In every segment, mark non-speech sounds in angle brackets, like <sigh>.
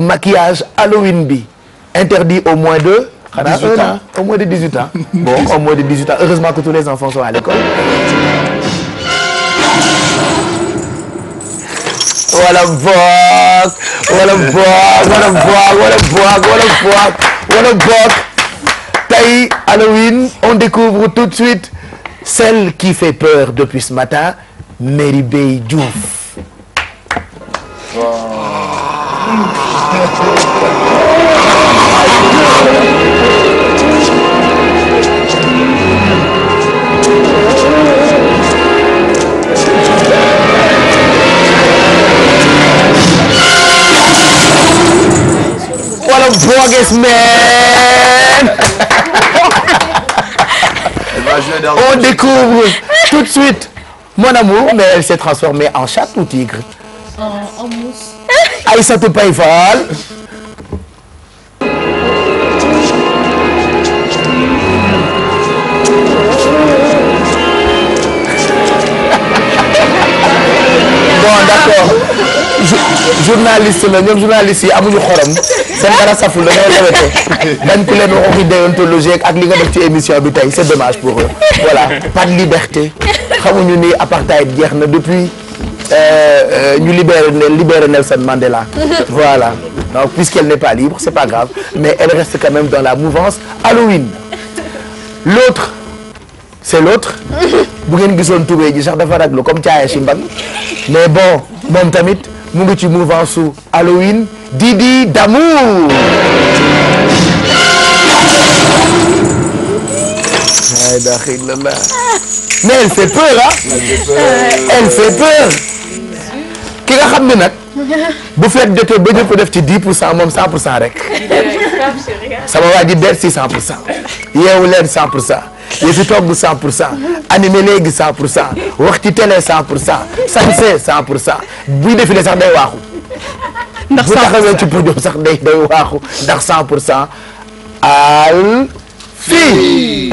maquillage Halloween bi interdit au moins de. xanaa au moins de 18 heureusement que tous les enfants sont à l'école. wala boog wala boog wala boog on découvre tout de suite celle qui fait peur depuis ce matin Mary Bey Diouf. What a bogus man! On découvre tout de suite. Mon amour, mais elle s'est transformée en chat ou tigre? En, en mousse. Aïssatou Pay Fall bon d'accord journaliste la ñoom journaliste yi amuñu xorom seen dara saful da ngay lewete dañ ku leen waxi ak li nga def ci émission bi tey c'est dommage pour eux voilà pas de liberté xamuñu ni apartheid jeex na depuis Euh, euh, ñu libéré libéré Nelson Mandela. <laughs> voilà donc puisqu'elle n'est pas libre c'est pas grave mais elle reste quand dans la mouvance Halloween l'autre c'est l'autre <laughs> bu ngeen gisoon tubéy ji sax dafa raglu comme caaya mais bon moom tamit mu ngi ci mouvance su Halloween Didi Damour ay da mais elle fait peur ah. ki nga xam ne nag. bu fekk jotee ba ñëpp def ci 10 pour cent moom 100 pour rek. sama waa ji Bercy 100 pour cent. yeewu leen 100 pour cent. yëfi togg 100 pour cent. animé léegi 100 pour cent. wax ci télé 100 pour cent. sañse 100 pour cent. buy défilé sax day waaxu. ndax pour cent sax day day waaxu ndax 100 pour cent. al fii.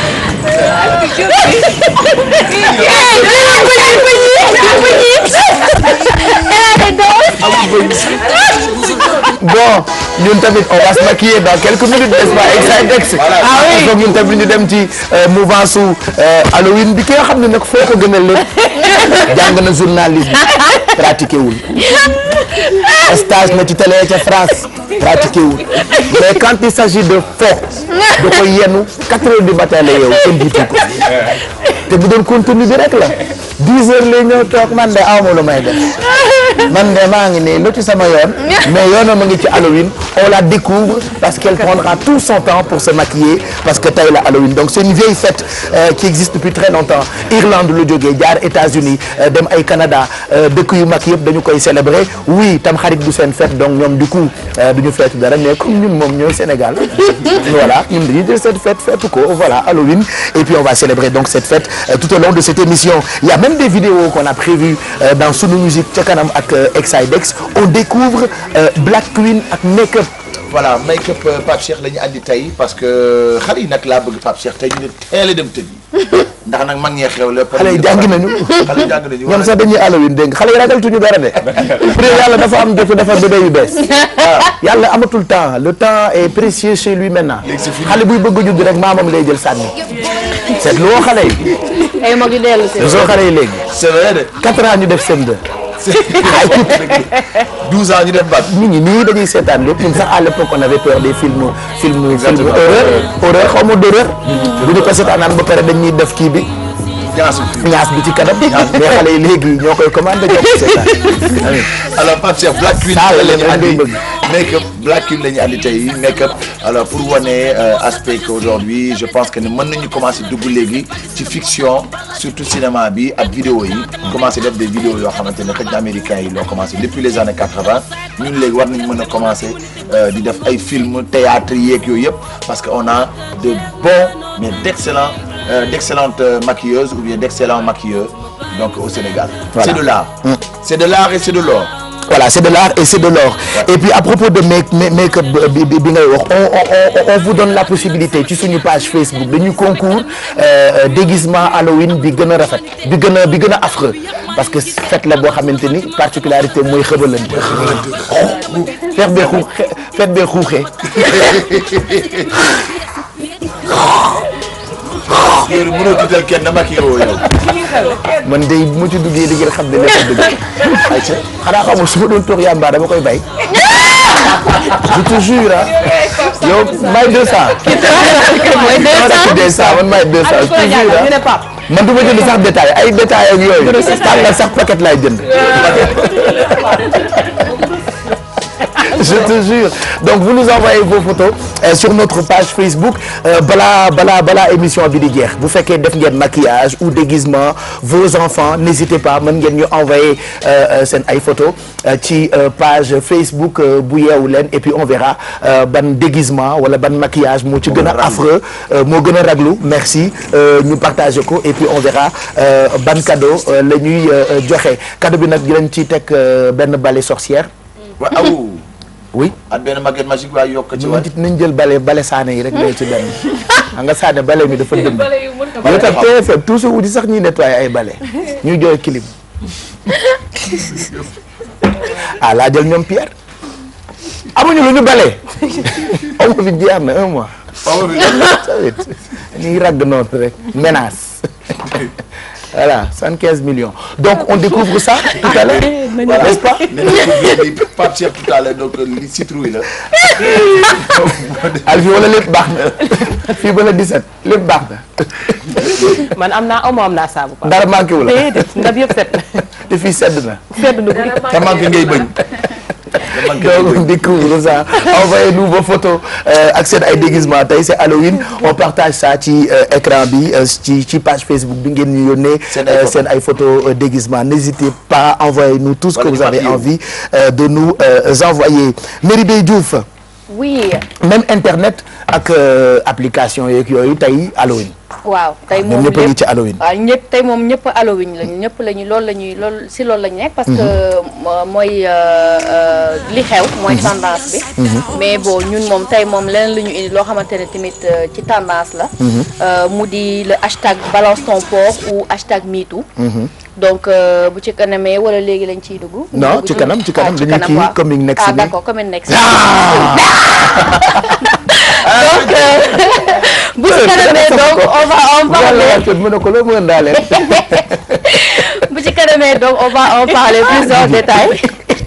bon ñun tamit on va se maquiller dans quelques minutes n'est-ce pas Exidex. ah oui donc ñun tamit ñu dem ci euh, mouvement su euh, Halloween bi ki nga xam ne nag foo ko gënal lépp <laughs> jàng na journalisme. pratiqué wul stage na ci télé ca France pratiqué wul mais quand il s'agit de fo da koy yenu quatre heures du matin la yow ko te bu doon contenu la 10 heures lay ñëw toog man de awma lu maa ngi nii lu sama yoon mais yoonam ma ngi ci Halloween on la découvre parce qu'elle prendra tout son temps pour se maquiller parce que tey la Halloween donc c'est une vieille fête euh, qui existe depuis très longtemps Irlande lu jógee jaar États-Unis euh, ay Canada euh, dëkk yu mag yëpp dañu koy célébrer oui tam xarit du seen fête donc ñoom du coup euh, du ñu feetu dara mais comme ñun Sénégal <laughs> voilà ñun dañuy jël cette fête feetu ko voilà Halloween et puis on va célébrer Euh, tout au long de cette émission il y a même des vidéos qu'on a prévues euh, dans Sunu Musique ca kanam ak Exidex euh, e on découvre Black Queen ak Make Up voilà may képp euh, Pape Cheikh la ñu andi tey parce que euh, xale yi nag laa bëgg Pape Chex tey ñu ne teel a dem tëddi <laughs> ndax nag mag ñee xew la. xale yi jàng nañu xale yi jàng nañu ñoom sax dañuy àll wi dégg xale yi ragaltuñu dara de. <laughs> pour yàlla dafa am jotu dafa bébé yu bees. <laughs> waaw yàlla amatul temps le temps est précieux chez lui maintenant. xale buy bëgg a judd rek maamam lay jël sànni. seetlu woo xale yi. ay mag yu dellu si. soo xale yi léegi. c'est vrai de. 4 ans ñu def sem 2 12 <laughs> ans ñu def bac nit ñi nii dañuy seetaan lépp ñun sax à l'époque on avait peur des films films films horreur horreur xaw ma d'horreur mm. bu ñu ko seetaanaan ba pare dañuy def kii bi ñaas bi ci kanam. mais xale yi léegi ñoo koy commandé ñoo ko seetaan. <laughs> alors Pape Cheikh Black Queen la ñu andi make up Black Queen la ñu andi tey make up alors pour wane euh, aspect qu'aujourd'hui je pense que ne mën nañu commencé dugg léegi ci fiction surtout cinéma bi ak vidéo yi. commencé def des vidéos yoo xamante ne xëy na américains yi loo commencé depuis les années 80 ñun léegi war nañu mën a commencé euh, di def ay film théâtre yeeg yooyu yëpp parce que on a de bons mais d'excellents Euh, d'excellentes euh, maquilleuses ou bien d'excellents maquilleurs donc au Sénégal. Voilà. C'est de l'art. Mmh. C'est de l'art et c'est de voilà l'art et c'est de l'or et puis à propos de make make-up euh, bi bi ngay wax on vous donne la possibilité ci suñu page Facebook dañu concours déguisement Halloween bi gën a rafet bi gën a bi gën a affreux parce que fête la boo xamante ni particularité mooy xëbalante <laughs> fête bee xuuxe fête <laughs> yooyu mënoo tiital kenn dama kii woo yow. man day bu ma ci duggee di ngeen xam ne lépp dëgg la. ayca xanaa xamul su ma doon toog yàmbaa dama koy bay. je te jure ah. yow may 200. may 200 man may 200 je te jure ah. man du ma jënd sax détail ay détail ak yooyu. tàllal sax paquet laay jënd. <laughs> je te donc vous nous envoyez vos photos euh, sur notre page Facebook euh, balaa balaa balaa émission bi di jeex bu fekkee def ngeen maquillage ou déguisement vos enfants n'hésitez pas mën ngeen ñu envoyer euh, seen ay photo ci page Facebook bu yeewu leen et puis on verra ban déguisement wala ban maquillage moo ci gën a affreux moo gën a raglu merci ñu partager ko et puis on verra ban cadeau la ñuy joxe cadeau bi nag dinañ ci teg benn balai sorcière oui at benn maquette magique waaye yokk ci waay nañ jël bale bale saane yi rek lay ci benn <laughs> xam nga saane bale mi dafa dëgg moo tax TFM toujours wu di sax ñuy nettoyé ay bale <laughs> ñuy jooy clim <laughs> ah laa jël ñoom Pierre amuñu lu ñu bale amu fi jeex na un mois awit ñuy ragg noot rek menace voilà 75 millions donc on découvre ça tout à l'heure ah, voilà li citrouille la baax na fii ba la 17 lépp baax na man am naa omo am naa saabu dara manqué wu la ndab yëpp set na te fii sedd na donc on découvre ça envoyez-nous vos photos euh, ak seen ay déguisement tey c'est Halloween on partage ça ci euh, écran bi euh, ci ci page Facebook bi ngeen ñu yónnee seen ay photos déguisement n'hésitez pas envoyez-nous tout ce que vous avez envie de nous envoyer Merry Beye Diouf oui même internet ak application yeeg yooyu tey Halloween waaw tey ah, moom ñëpp a ngi ci ñëpp tey moom ñëpp Halloween lañu ñëpp lañu loolu la ñuy loolu si lool la ñu nekk. parce que mhm. mooy euh, euh, li xew. mooy mhm. tendance bi. Mhm. mais bon ñun moom tey moom leneen lu ñu indi loo xamante ne tamit euh, ci tendance la. mu di le hashtag balance ton porc ou hashtag MeToo. donc bu ci kanamee wala léegi lañ ciy dugg. non ci kanam ci kanam ah, dañuy kii coming next ah d'accord coming ah! <laughs> donc. <laughs> <laughs> bu si kanamee donc on va en parler mu ne ko loo mën daale bu ci kanamee on va en parler <laughs>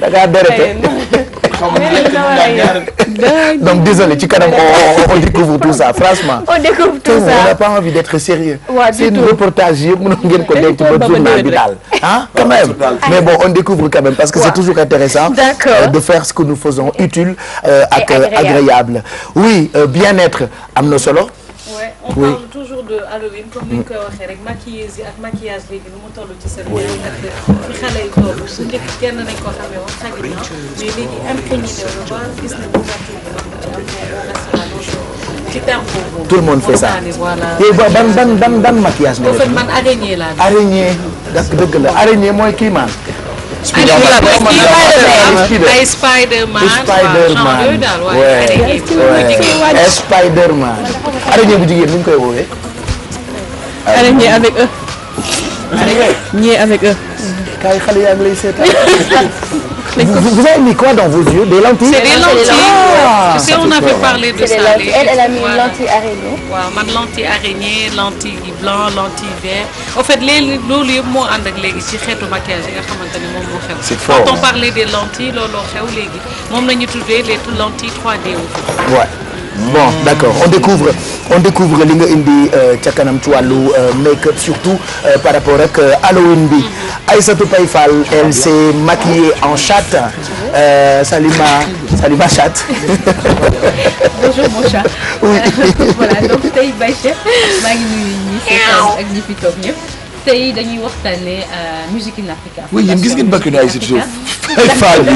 da ngaa dérété. donc désolé ci kanam on on découvre tout ça franchement. on découvre tout ça on n'a pas envie d'être sérieux. waaw du tout seen reportage yëpp mënoon ngeen ko denc ba journal bi daal. ah quand même mais bon on découvre quand même parce que c'est toujours intéressant euh, de faire ce que nous faisons utile. Euh, ak euh, agréable oui bien-être am na solo. Ouais, on oui. parle toujours de Halloween comme ni ñu koy waxee rek maquilleuse yi ak maquillage léegi nu mu toll ci seen benn ak fi xale yi toll njëkk kenn nañ ko xamee woon xaj na mais léegi imprégné wu ba gis nañ bu maquille bi am ci am ci terme boobu. tout le monde fait ça voilà. yow ban ban ban ban maquillage. nga def en fait man araignée laa. araignée dëgg la araignée mooy kii maan. Spider-Man ay Spider-Man ay Spider-Man arañe bu jigéen nu ñu koy woowee. arañe avec eux. arañe ñii avec eux. kaay xale yaa ngi lay seetaan. lañ ko. vous vous avez mis quoi dans vos yeux des lentilles. c'est des ah, lentilles ah, c'est avait parlé de ça. lentille araignée. waaw man lentille araignée lentille blanc lentille vert en fait le loolu yëpp moo ànd ak léegi ci xeetu maquillage yi nga xamante ni moom moo xew. c'est fort quand on parlait des xew léegi moom la ñu tuddee les lentilles 3 bon d' accord on découvre on découvre li nga indi euh, ca kanam ci wàllu euh, make up surtout euh, par rapport ak Halloween bi Aïssatou Paye Fall elle s'est maquillée en chatte Salima Salima <laughs> chat. oui <laughs> voilà donc tey Baye Cheikh maa ngi nuyu ñi tey dañuy waxtaanee euh, musique in Africa. oui yéen gis ngeen bakk na ay suuf ay faal bi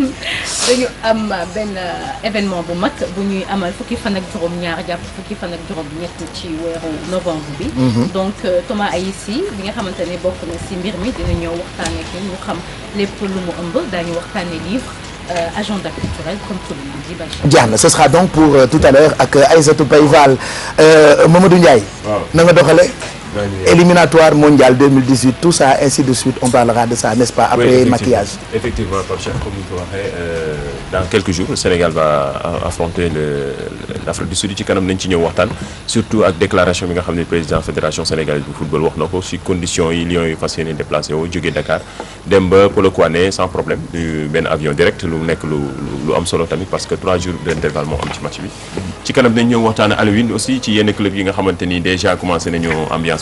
<laughs> dañu am benn euh, événement bu mag bu ñuy amal fukki fan ak juróom-ñaar jàpp fukki fan ak juróom-ñett ci weeru novembre bi. Mhm. donc euh, Thomas Ayissi bi nga xamante ne bokk na si mbir mi dina ñëw waxtaanee ki ñu xam lépp lu mu ëmb daañu waxtaanee livre. Euh, agenda culturel comme tout le monde dit Bachir. jeex na ce sera donc pour euh, tout à l'heure ak Aïssatou Payval Mamadou Ndiaye. waaw na nga doxalee. éliminatoire mondial 2018 tout ça ainsi de suite on parlera de ça n'est-ce pas après oui, effectivement. maquillage effectivement comme ni ko euh, dans quelques jours Sénégal va affronter l'Afrique du Sud ci kanam nañ ci ñëw waxtaan surtout ak déclaration bi nga xam ne président fédération sénégalaise bu football wax na ko si conditions yi Lions yi fas yéene déplacé woo jógee Dakar dem ba sans problème benn avion direct lu nekk lu lu am solo tamit parce que trois waxtaan Alioune aussi yenn club yi xamante ni déjà commencé nañu ambiance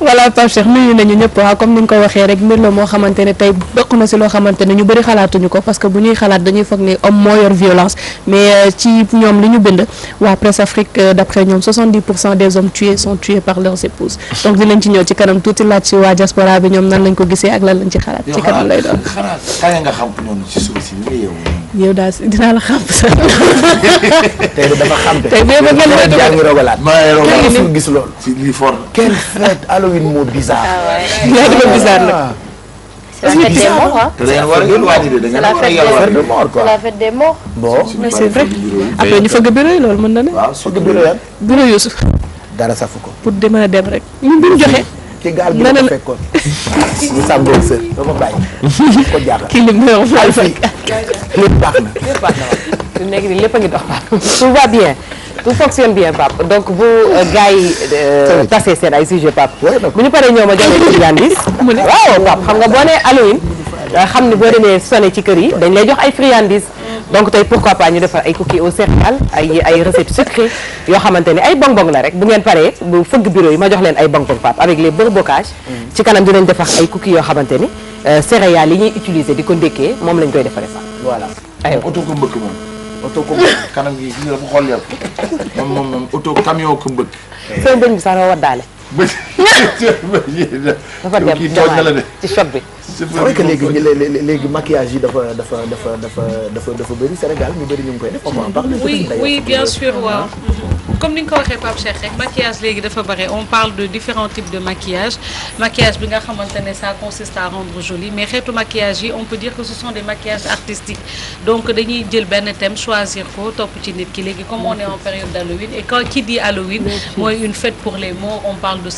voilà Pape Cheikh nuyu nañu ñëpp waaw comme ni nga ko waxee rek mbir la moo xamante ne tey bokk na si loo xamante ne ñu bëri xalaatuñu ko parce que bu ñuy xalaat dañuy foog ne homme moo yor violence mais euh, ci ñoom li ñu bind waa presse Afrique euh, d'après ñoom 70 pour cent des hommes tués sont tués par leurs épouses donc dinañ ci ñëw ci kanam tuuti laaj si waa diaspora bi ñoom nan lañ ko gisee ak lan lañ ci xalaat ci kanam lay doon yow daal dinaa la xam sax. <laughs> tey dafa xam tey. tey bee ba ngeen doon jàng rogalaat. maa ngi gis loolu. si lii fort la. quelle dafa bizarre ah te da ngeen a ngeen waaj de da ngeen war a yor fête des la fête c'est vrai après ñu fëgg bureau yi loolu mën na ne. waaw fëgg bureau yan. bureau Youssouf. dara safu ko. pour dama dem rek. ñu bi mu joxe. ci gaal gi la ko fekkoon. bu sàmboog sër doo ko bàyyi ko jaaxal. kii lim dina ko fay fekk lépp baax na lépp baax na waaw. nekk nii lépp a ngi dox Pape tout va bien tout fonctionne bien Pape donc bu euh, gars yi euh, tasee seen ay sujet Pape. bu ñu paree ñëw ma jox leen ci gàndis. <laughs> waaw Pape xam nga boo nee Halloween. xam ni boo demee sonné ci kër yi dañ lay jox ay friandises. donc tey pourquoi pas ñu defar ay cookies au céréales ay ay recettes yoo xamante ni ay bonbon la rek bu ngeen paree bu fëgg bureau yi ma jox leen ay bonbon pap avec les beurre bocage ci kanam dinañ defar ay cookies yoo xamante ni céréales yi ñuy utiliser di ko ndékkee moom lañ koy defar sax voilà aywa oto ko mbëkk moom oto ko mbëkk gi gis nga dafa xool yàlla moom moom moom oto camion ko mbëkk seen bëñ bi sax war daale bëñ dafa dem kii tooñ na la ci choc bi c'est vrai que léegi léegi léegi maquillage yi dafa dafa dafa dafa dafa Sénégal ñu bëri ñu ngi koy def. on maquillage léegi dafa bare on parle de différents types de maquillage maquillage bi nga xamante ne consiste à rendre joli mais xeetu maquillage yi on peut dire que ce sont des maquillages artistiques donc dañuy jël benn thème choisir ko topp ci nit ki léegi comme on est en période d'Halloween et qui dit Halloween mooy une fête pour les morts on parle de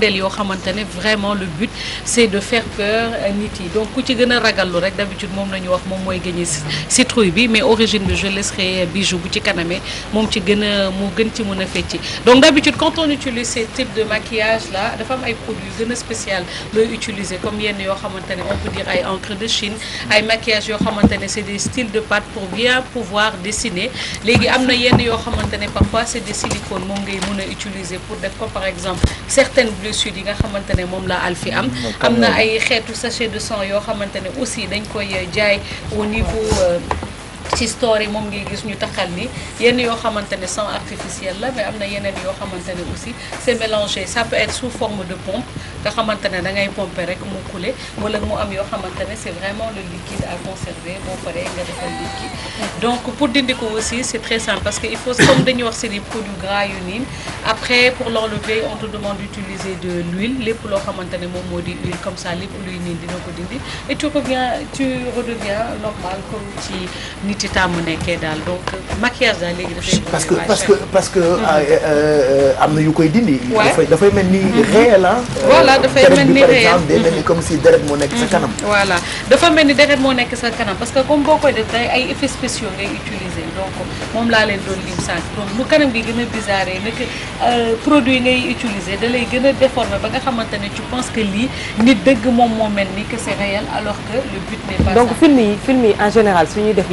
da yoo xamante ne vraiment le but c'est de faire peur nit yi donc ku ci gën ragallu rek d'habitude moom la ñu wax moom mooy gagné citrouille bi mais origine bi je laisserai bijou bu ci kanamee moom ci gën a mu gën ci mën a fecci donc d'habitude quand on utilise ces types de maquillage là dafa am ay produits gën a spécial looy utiliser comme yenn yoo xamante ne on peut dire ay encre de Chine ay maquillage yoo xamante ne c'est des styles de pâte pour bien pouvoir dessiner léegi am na yenn yoo xamante ne parfois c'est moom ngay mën a utiliser pour ko par exemple habitude yi nga xamante ne moom la alfi am mm, am na ay xeetu sachet de sang yoo xamante ne aussi dañ koy euh, jaay au niveau euh, ci store yi moom ngi gis ñu taxal ni yenn yoo xamante ne sang artificiel la mais am na yeneen yoo xamante ne aussi c'est mélangé ça peut être sous forme de pompe nga xamante ne da ngay pomper rek mu couler wala mu am yoo xamante ne c'est vraiment le liquide à conserver boo paree nga defal liquide donc pour dindi ko aussi c'est très simple parce que il faut comme dañuy wax c'est des produits gras yu niin après pour l'enlever on te demande d'utiliser de l'huile lépp loo xamante ne moo di huile comme ça lépp luy niin dina ko dindi ci taamu nekkee daal donc maquillage daal léegi dafay. parce que parce que euh, euh, am na yu koy dindi. dafay mel ni mhm. réel ah. dafay mel ni mhm. réel moo nekk sa mhm. kanam. voilà dafa mel ni deret moo parce que comme boo koy def day ay effets spéciaux ngay utiliser donc moom laa leen doon lim sànq nu kanam gi gën a bizarre nag produit ngay utiliser da lay a déformer ba nga xamante ne tu que lii nit dëgg moom moo mel ni que c'est réel alors que le but n'est pas donc film yi film yi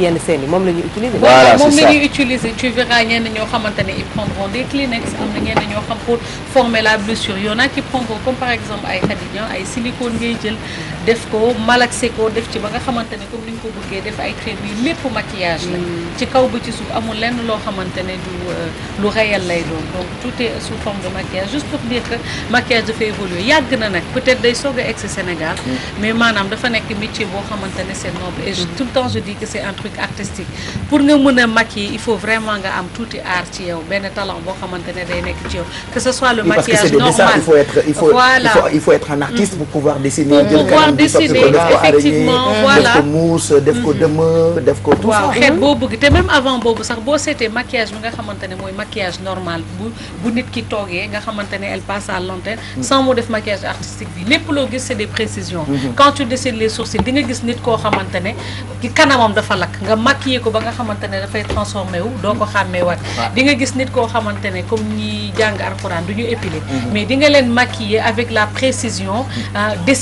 en bi moom la ñuy utiliser. voilà c'est ça moom la ñuy utiliser tu verras ñenn ñoo xamante ne ils prendront des Kleenex am na ñenn ñoo xam pour former la blessure y en a qui prendront comme par exemple ay Khadija ay silicone ngay jël. def ko malaxé ko def ci ba nga xamante ne comme ni ñu ko bëggee def ay crème yi maquillage la mm. ci kaw ba ci suuf amul lenn loo xamante ne du euh, lu réel lay doon donc tout est sous forme de maquillage juste pour dire que maquillage dafa évoluer yàgg na nag peut-être day soog a egg si Sénégal mm. mais maanaam dafa nekk métier boo xamante ne c'est noble et mm. tout le temps je dis que c'est un truc artistique pour nga mën a maquiller il faut vraiment nga am tuuti art ci yow benn talent boo ne day nekk ci yow décider effectivement voilà def ko mousse def ko mm-hmm. dëmm def ko tout xeet boo bëgg te même avant boobu sax boo seetee maquillage bi nga xamante ne mooy maquillage normal bu bu nit ki toogee nga xamante ne elle passe à l'antenne mm. sans mu def maquillage artistique bi lépp loo gis c'est des précisions mm-hmm. quand tu décides les sourcils di gis nit koo xamante ne ki kanamam dafa lakk nga maquiller ko ba nga xamante ne dafay transformé wu doo ko mm-hmm. xàmmeewaat di nga gis nit koo xamante ne comme ñi jàng alxuraan du ñu épiler mais la précision euh,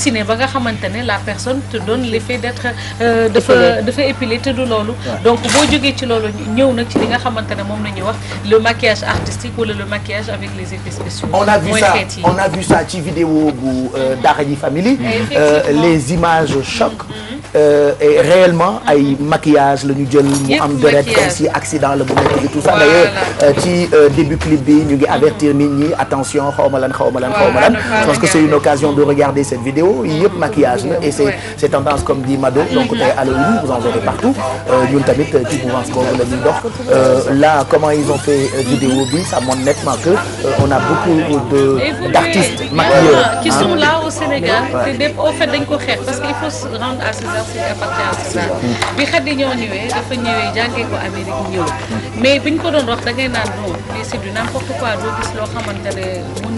xamante la personne te donne l'effet d'être euh, dafa dafa épilé te du loolu donc boo jógee ci loolu ñëw nag ci li nga xamante ne moom la ñuy wax le maquillage artistique wala le maquillage avec les effets spéciaux on a vu ça on a vu ça ci vidéo bu euh, Daara J Family euh, les images choc mm-hmm. Euh, réellement ay maquillage la ñu jël mu am deret comme si accident la bu nekk bi tout ça d'ailleurs euh, ci euh, début clip bi ñu ngi avertir nit ñi attention xawma lan xawma lan xawma lan je pense que c'est une occasion de regarder cette vidéo yëpp maquillage la et c'est c'est tendance comme dit Mado donc mhm. tey Halloween vous en verrez partout ñun tamit ci mouvance boobu la ñuy dox là comment ils ont fait vidéo bi ça montre nettement que on a beaucoup de d'artistes maquilleurs qui ah. sont là au Sénégal te bépp au fait dañ ko xeex parce que il faut se rendre à César suñu appartenance Suzanne bi Khady ñoo ñëwee dafa ñëwee jàngee ko Amérique ñëw mais biñ ko doon wax da ngay naan non lii c'est du n'importe quoi doo gis loo xamante ne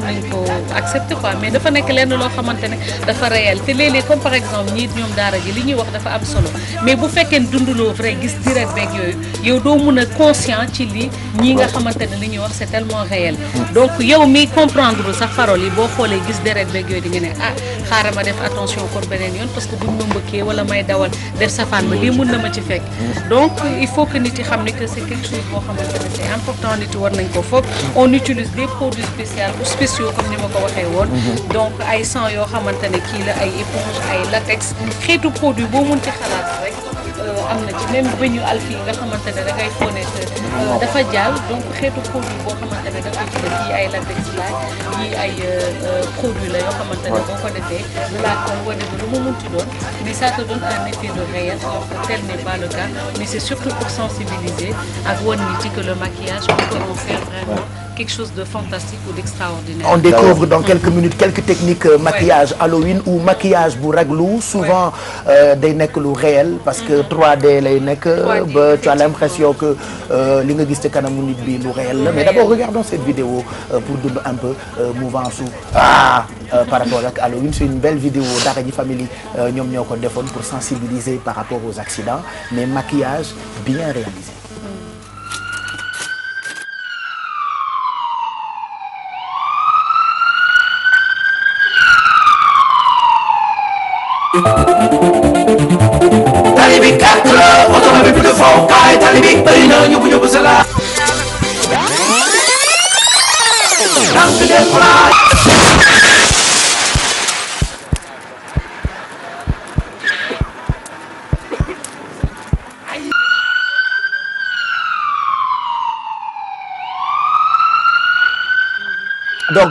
nañ ko accepter quoi mais dafa nekk lenn loo xamante ne dafa réel te léeg-léeg comme par exemple ñoom daara ji li ñuy wax dafa am solo mais bu fekkee dunduloo vrai gis direct beeg yooyu yow doo mun a conscient ci lii ñii nga xamante ne li ñuy wax c'est tellement réel donc yow mi comprendre sax parole yi boo xoolee gis direct beeg yooyu di nga ne ah xaaral ma def attention kon beneen yoon parce que buñ ma mbëkkee wala damay dawal def safaan ba lii mun na ma ci fekk donc il faut que nit yi xam ne que c'est quelque chose boo xamante important nit yi war nañ ko foog on utilis des produits spéciaux ou spéciaux comme ni ma ko waxee woon donc ay sang yoo xamante ne kii la ay éponge ay latex xeetu produit boo mun ci xalaat rek euh, am na ci même ba ñu alfi nga xamante ne da ngay fóonee dafa jàll donc xeetu produit boo xamante ne dafa ci yi ay latex la yi ay euh, euh, produit la yoo xamante ne boo ko defee lu mu munti doon mais ça te donne un effet de réel alors que tel n'est pas le cas mais c'est surtout pour sensibiliser ak wan nit ci que le maquillage on peut en faire vraiment quelque chose de fantastique ou d'extraordinaire. On découvre dans mm. quelques minutes quelques techniques euh, maquillage Halloween ou maquillage bu raglu souvent euh, day nekk lu réel parce que 3D mm-hmm. lay nekk euh, ba tu as l'impression que li nga gis te kanamu nit bi lu réel la mais d'abord regardons cette vidéo pour dund un peu mouvance ou ah par rapport ak Halloween c'est une belle vidéo d'Aragny Family ñoom ñoo ko defoon pour sensibiliser par rapport aux accidents mais maquillage bien réalisé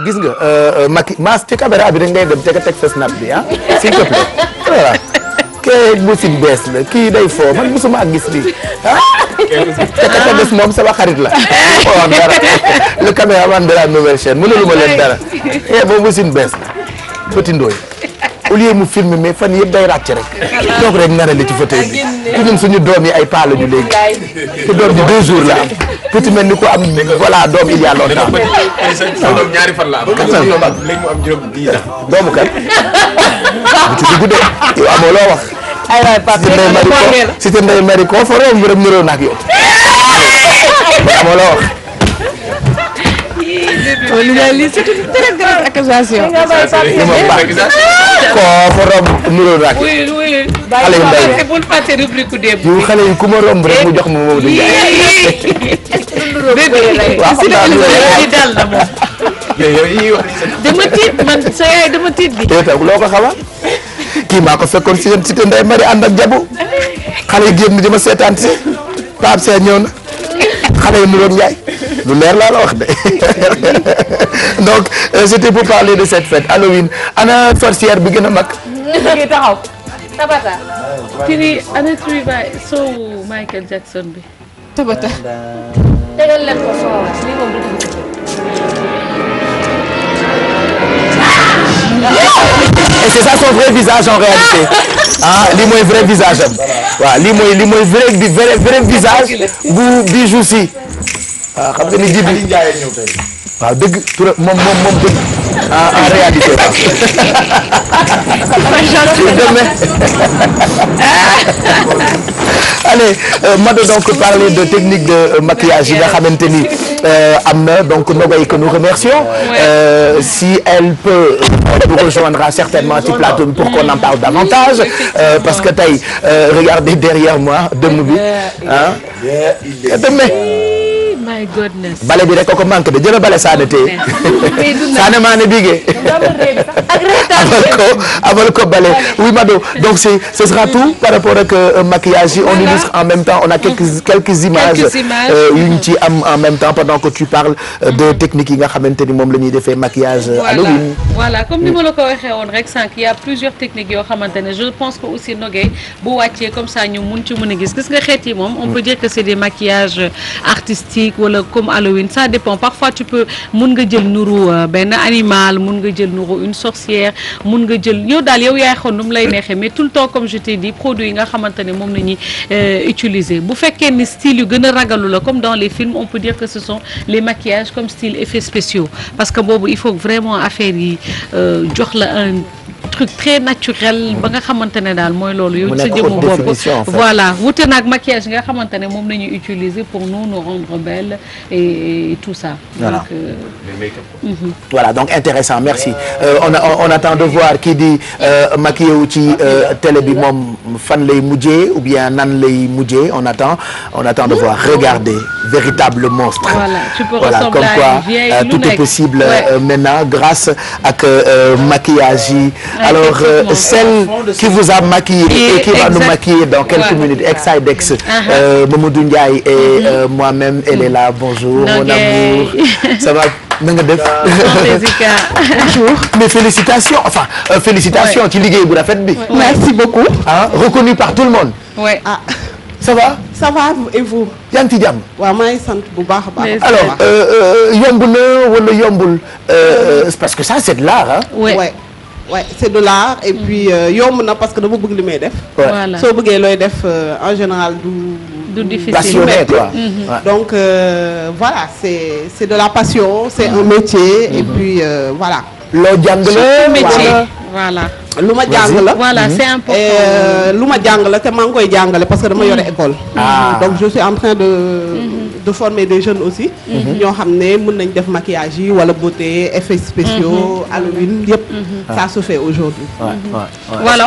gis nga euh, euh, Macky Mass ci caméra bi dañ ngay dem te teg sa snap bi ah s'il te plaît kee musim bees la kii day foo man musuma ak gis lii ah te ka ca des moom sama xarit la on dara le caméraman de la nouvelle chaîne mënalu ma leen dara e eh, boobu musim bees la petit au lieu mu filmer mais fan yëpp day ràcc rek toog rek nga ne la ci fauteuil bi suñu doom yi ay paa la léegi te doom bi deux jours la am petit mel ni ko am voilà doom il y a doom ñaari fan la am. léegi mu am juróom dix ans doomu kat si te Ndeye Marie ko si te rek niroo na ak li daal lii c'est une très grande accusation. koo fa romb nurul raak. xale yu ndaw yi bul fàtte rubrique ma mu ma moom du jaay. dal dama tiit man sa dama tiit bi. loo ko xamal kii maa ko fekkoon si yéen si te Ndeye Marie ak jabu xale yi génn di ma seetaan si Pape Seye ñëw xale yi nu doon jaay lu leer laa la wax de <laughs> donc euh, c'était pour parler de cette fête Halloween ana sorcière bi gën a mag. ñu <laughs> taxaw Tabata. kii ana tuy ba soowu Michael Jackson bi. Tabata. tegal leen ko soow li moom du et c'est ça son vrai visage en réalité ah lii mooy vrai visage am waaw lii mooy lii mooy vrai bi vrai vrai visage bu bijou si waaw ah, xam nga ni ji bi waaw dëgg tura moom moom moom dëgg ah, en réalité waaw. Ah. allez euh, Mado donc de technique de euh, maquillage yi nga xamante ni. Euh, am na donc Nogaye que nous remercions. Euh, si elle peut euh, nous rejoindra certainement ci plateau bi pour qu'on en parle davantage parce que tey regardez derrière moi dëmm bi ah. my goodness. bale bi rek ko manqué de jëla bale saane tey. saane maa ne bigee. amal ko amal ko bale. oui Mado donc c'est ce sera tout par rapport ak euh, maquillage yi on illustre en même temps on a quelques mm-hmm. images. Euh, yu en même temps pendant que tu parles euh, de a mm-hmm. yi nga xamante ni moom maquillage. Halloween comme ni ma mm. la ko waxee woon rek sànq y a plusieurs techniques yoo xamante ne je pense que aussi comme ça ñu mun ci mën a gis gis nga xeet yi moom on mm. peut dire que c'est des maquillages artistiques. wala comme Halloween ça dépend parfois tu peux mun nga jël nuru euh, benn animal mun nga jël nuru une sorcière mun nga jël yow daal yow yaay xool nu mu lay neexee mais tout le temps comme je t'ai dit produit yi nga xamante moom la euh, utiliser bu fekkee ni style yu gën a ragalu la comme dans les films on peut dire que ce sont les maquillages comme style effets spéciaux parce que boobu il faut vraiment affaire yi euh, jox la un truc très naturel ba nga xamante ne daal mooy loolu yow sa jëmmu bopp voilà wute nag maquillage nga xamante ne moom la ñuy utiliser pour nous nous rendre belle et tout ça voilà euh, mhm. voilà donc intéressant merci euh, on on attend de voir kii di euh, maquillé wu ci télé bi moom fan lay mujjee ou bien nan lay mujjee on attend on attend de mmh. voir regardez véritable monstre voilà comme quoi tout est possible maintenant grâce ak maquillage yi alors euh, celle qui vous a maquillé et, et qui exact, va nous maquiller dans quelques voilà. minutes Exidex ah, ah. euh, Mamadou Ndiaye et mm -hmm. moi-même elle est bonjour mon amour ça va na nga enfin euh, félicitations ci liggéey bu rafet bi merci beaucoup ah reconnu par tout le monde ouais. ah. bu baax a baax. alors euh, euh, yombul. parce que ça c'est de l'art ouais c'est de l'art et mm. puis euh, yomb na parce que dama bëgg li may def. voilà soo bëggee looy def euh, en général du. du difficile passionné quoi. Mm-hmm. donc euh, voilà c'est c'est de la passion c'est mm-hmm. un métier et mm-hmm. puis voilà. loo jàng voilà. lu ma jàng la voilà mhm. c'est important euh, lu ma la te maa ngi koy jàngale parce que dama yore mhm. école. Ah. donc je suis en train de. Mhm. de former des jeunes aussi. ñoo xam ne mën nañ def maquillage yi wala beauté effets spéciaux. Halloween yëpp. ça se fait aujourd'hui voilà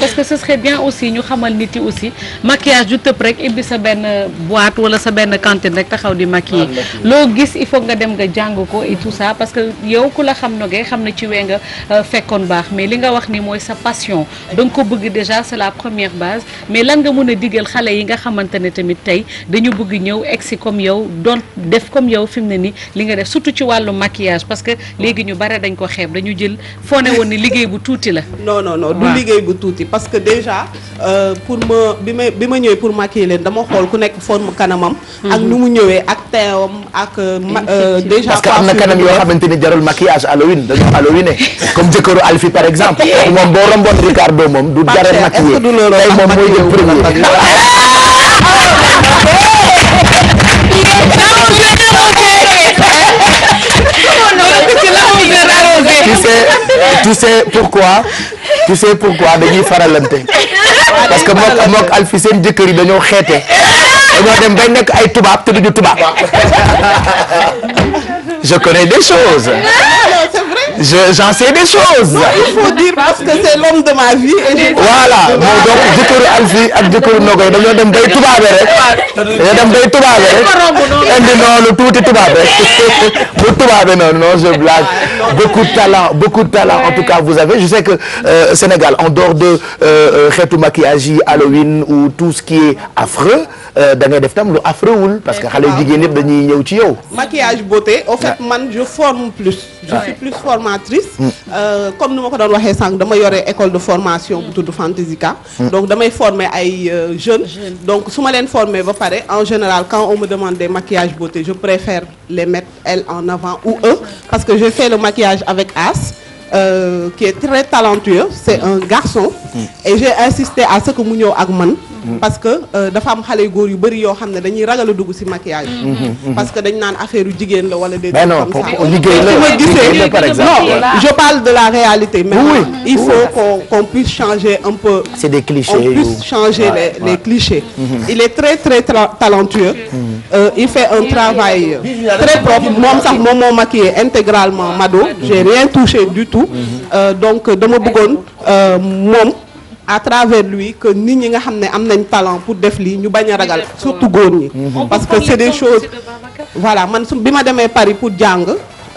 parce que ce bien aussi ñu xamal nit yi aussi maquillage du tëb rek ibbi sa benn boîte wala sa benn cantine rek taxaw di maquiller loo gis il faut nga dem nga jàng ko et tout ça parce que yow ku la xam nogee xam na ci wee nga euh, fekkoon baax li nga wax ni mooy sa passion danga ko bëgg déjà c'est la première base mais lan nga mën a digal xale yi nga xamante ne tamit tey dañu bëgg ñëw egsi comme yow doon def comme yow fi mu ne nii li nga def surtout ci wàllu maquillage parce que léegi ñu bare dañ ko xeeb dañu jël foo ne woon ni liggéey bu tuuti la non non non du liggéey bu tuuti parce que déjà euh, pour ma bi ma bi ma ñëwee pour maquiller leen dama xool ku nekk forme kanamam mhm. ak nu mu ñëwee ak teewam ak. Euh, euh, déjà parce que am na kanam yoo xamante ni jarul maquillage Halloween dañoo Halloweené <laughs> comme jëkkëru Alfie par exemple <laughs> moom boo romboon Ricardo moom du jaral maquillé tey moom mooy jël premier. tu sais tu sais pourquoi tu sais pourquoi dañuy faralante parce que mook mook Alfie seen jëkkër yi dañoo xeete. dañoo dem bay nekk ay tubaab te duñu tubaab <laughs> je connais des choses. Ah, j'en sais des choses. parce que c'est l'homme de ma vie et je voilà moo donc jëkkëru Alfi ak jëkkëru Nogoy dañoo dem bay tubaabe rek dañoo je blague beaucoup de talent beaucoup de talent en tout cas vous avez je sais que euh, Sénégal en dehors de euh, euh, xeetu euh, maquillage yi Halloween ou tout ce qui est affreux euh, da ngay def tam lu affreux wul parce que xale yu jigéen ñëpp dañuy ñëw ci yow. maquillage beauté au fait man je forme plus. je suis plus formatrice mm. euh, comme ni ma ko doon waxee sànq dama yore école de formation bu tudd Fantasika mm. donc damay former ay euh, jeunes donc su ma leen former ba pare en général quand on me demande des maquillages beauté je préfère les mettre elles en avant ou eux parce que je fais le maquillage avec As ki euh, qui est très talentueux c'est un garçon et j'ai insisté à ce que mu ñëw ak man parce que euh, dafa am xale yu góor yu bëri yoo xam ne dañuy ragal a dugg si maquillage mm-hmm, mm-hmm. parce que dañ naan affaire yu jigéen la wala des trucs comme ça su ma gisee non je parle de la réalité mais oui, il faut oui. qu'on qu'on puisse changer un peu c'est des clichés on puisse changer les, mm-hmm. il est très très talentueux mm Euh, il fait un travail très propre moom sax moom moo maquillé intégralement Mado j'ai rien touché du tout euh, donc dama bëggoon euh, moom à travers lui que nit ñi nga xam ne am nañ talent pour def lii ñu bañ a ragal surtout góor ñi mhm. parce que c'est des choses voilà man su bi ma demee Paris pour jàng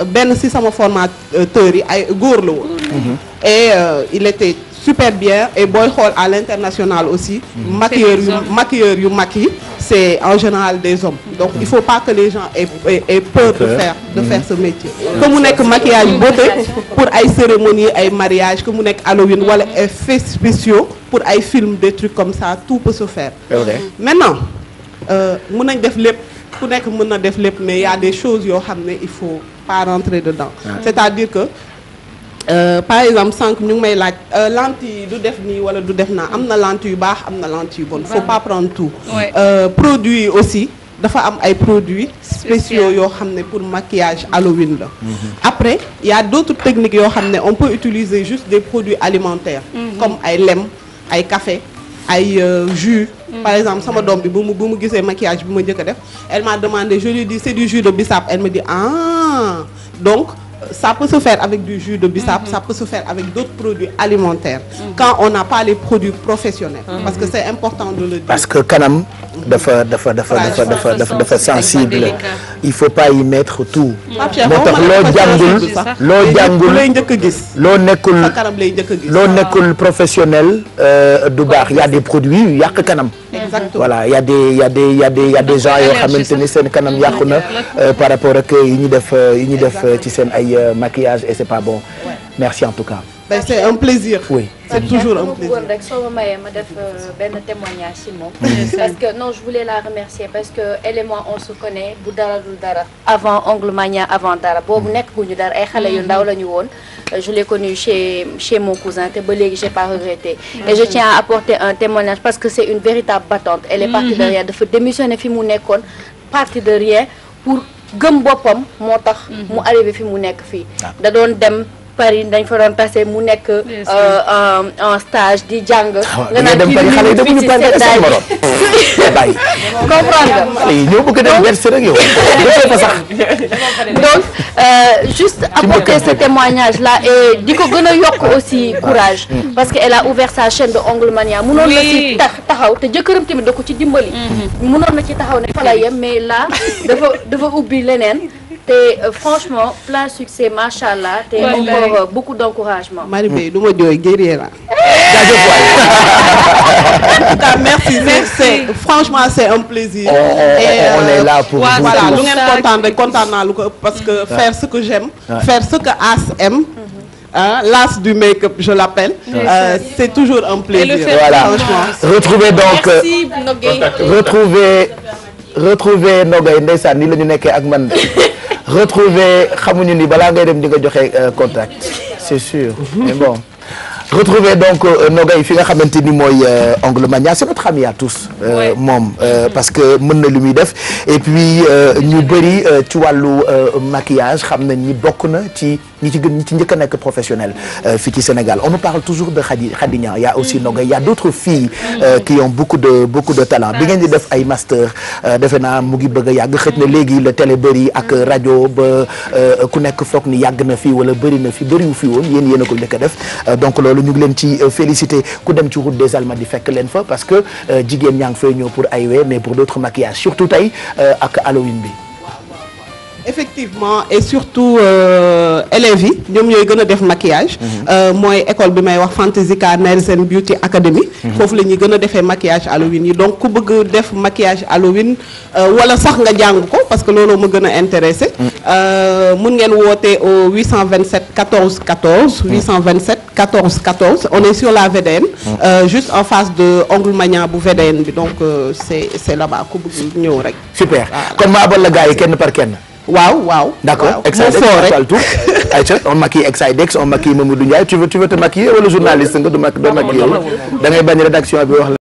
benn si sama formateur yi ay góor la woon mhm. et euh, il était super bien et booy xool à l'international aussi mm-hmm. maquilleurs yu maquilleurs yu mag yi c'est en général des hommes donc il faut pas que les gens aient, peur de faire de mm-hmm. faire ce métier mm-hmm. que mu nekk maquillage beauté pour ay cérémonie ay mariage que mu nekk Halloween wala effets spéciaux pour ay films des trucs comme ça tout peut se faire maintenant euh, mën nañ def lépp ku nekk mën na def lépp mais il des choses yoo xam ne il faut pas rentrer dedans c'est-à-dire que Euh, par exemple sànq ñu ngi may laaj euh, lentille du def nii wala du def naa am na lentille yu baax am na lentille yu bon faut pas prendre tout ouais. euh, produit aussi dafa am ay produits spéciaux yoo xam ne pour maquillage Halloween la mhm. après yaa a technique yoo xam ne on peut utiliser juste des produits alimentaires mhm. comme ay lem ay kafe ay euh, jus mhm. par exemple sama doom bi bu mu bu mu gisee maquillage bi ma njëkk def elle m'a demandé je lui dis c'est du jus de bissap elle me ah, donc ça peut se faire avec du jus de bissap, mm -hmm. ça peut se faire avec d'autres produits alimentaires mm-hmm. quand on n'a pas les produits professionnels mm-hmm. parce que c'est important de le dire que kanam dafa mm-hmm. dafa dafa dafa dafa dafa dafa sensible il faut pas y mettre tout moo tax loo jàngul loo jàngul lay njëkk a gis loo nekkul kanam lay njëkk a loo ah. nekkul professionnel euh, du baax y a des produits yu yàq kanam exactement voilà y a des y a des y a des y a des gens yoo xamante ni seen kanam yàqu na euh, par rapport ak yi ñu def euh, yi ñu def euh, ci seen ay maquillage et c'est pas bon merci en tout cas Ben, c'est un plaisir. Oui. C'est toujours un plaisir. Euh, euh, parce que non, je voulais la remercier parce que elle et moi on se connaît bu dara dara avant Ongle avant dara boobu mm-hmm. nekk guñu dara ay xale yu ndaw la ñu woon. Euh, je l'ai connu chez chez mon cousin te ba léegi j'ai pas regretté. Mm-hmm. Et je tiens à apporter un témoignage parce que c'est une véritable battante. Elle est partie de mm-hmm. rien dafa démissionner fi mu nekkoon partie de rien pour gëm boppam moo tax mu arrivé fi mu nekk fii da doon Paris dañ fa doon passé mu nekk. Euh, en stage di jàng. Ah nga naan kii bi xale yi demuñu Paris rek seen morom. bàyyi comprendre nga. xale yi ñoo bëgg dem verser rek yow. defee ko sax. donc euh, juste apporter ce témoignage là et di ko gën a yokk aussi courage. Mm. parce que et la ouvert sa chaîne de Ongle munoon na ci tax taxaw te jëkkëram tamit da ko ci dimbali. munoon mm-hmm. na ci taxaw ne fa la yem mais là <laughs> dafa dafa ubbi leneen. te euh, franchement plein succès macha allah. te encore euh, beaucoup d' encouragement. Marie Bay du ma la. Eh! jaajëf waay. en tout cas merci. franchement c' est un plaisir. on oh, oh, oh, on est là pour vous. voilà lu ngeen kontaan lu ko parce que faire ce que j'aime faire ce que As aime. Mhm. l'as du make-up je l'appelle. Euh, c'est toujours un plaisir. voilà retrouvez donc retrouvez retrouvez Nogay ndeysaan nii la ñu nekkee ak man. retrouver xamuñu ni balaa ngay dem di nga joxe euh, contact c'est sûr mhm. mais bon retrouver donc euh, Nogay fi nga xamante ni mooy euh, Angle Mania c'est notre ami à tous moom parce que mën na lu muy def et puis ñu bëri ci wàllu maquillage xam nañ ni bokk na ci ñi ci gën ci njëkk a nekk professionnel euh, fii ci Sénégal on nous parle toujours de Khady Khady a aussi mm. Nogaye y a d'autres filles mm. euh, qui ont beaucoup de beaucoup talent bi ngeen di def ay master euh, defe naa mu ngi bëgg a yàgg xëj na mm. léegi la télé bëri ak rajo ba ku nekk foog ni yàgg na fii wala bëri na fi bëriwu fi woon yéen yéen a ko njëkk def donc loolu ñu ngi leen ci félicité ku dem ci route des di fekk leen fa parce que jigéen ñaa ngi fay ñëw pour ay we mais pour d'autres maquillages surtout tey ak Halloween bi effectivement et surtout euh, élèves yi ñoom ñooy gën a def maquillage mhm. euh, mooy école bi may wax Fantasika Nelson Beauty Academy mhm. foofu la ñuy gën a defee maquillage Halloween yi donc ku bëgg def maquillage Halloween euh, wala sax nga jàng ko parce que looloo ma gën a intéressé mm. mun ngeen woote au 827 14 14 827 14 14 on est sur la VDN mm. juste en face de Ongle Mania bu VDN bi donc c'est c'est là-bas ku bëgg ñëw rek super kon ma abal la gars yi kenn par kenn waaw waaw. d'accord Excidex Actual Tour Aïcha on maquille Excidex on maquille Mamadou Ndiaye tu veux tu veux te maquiller wala journaliste nga du ma doo maquiller da ngay bañ rédaction bi wax la.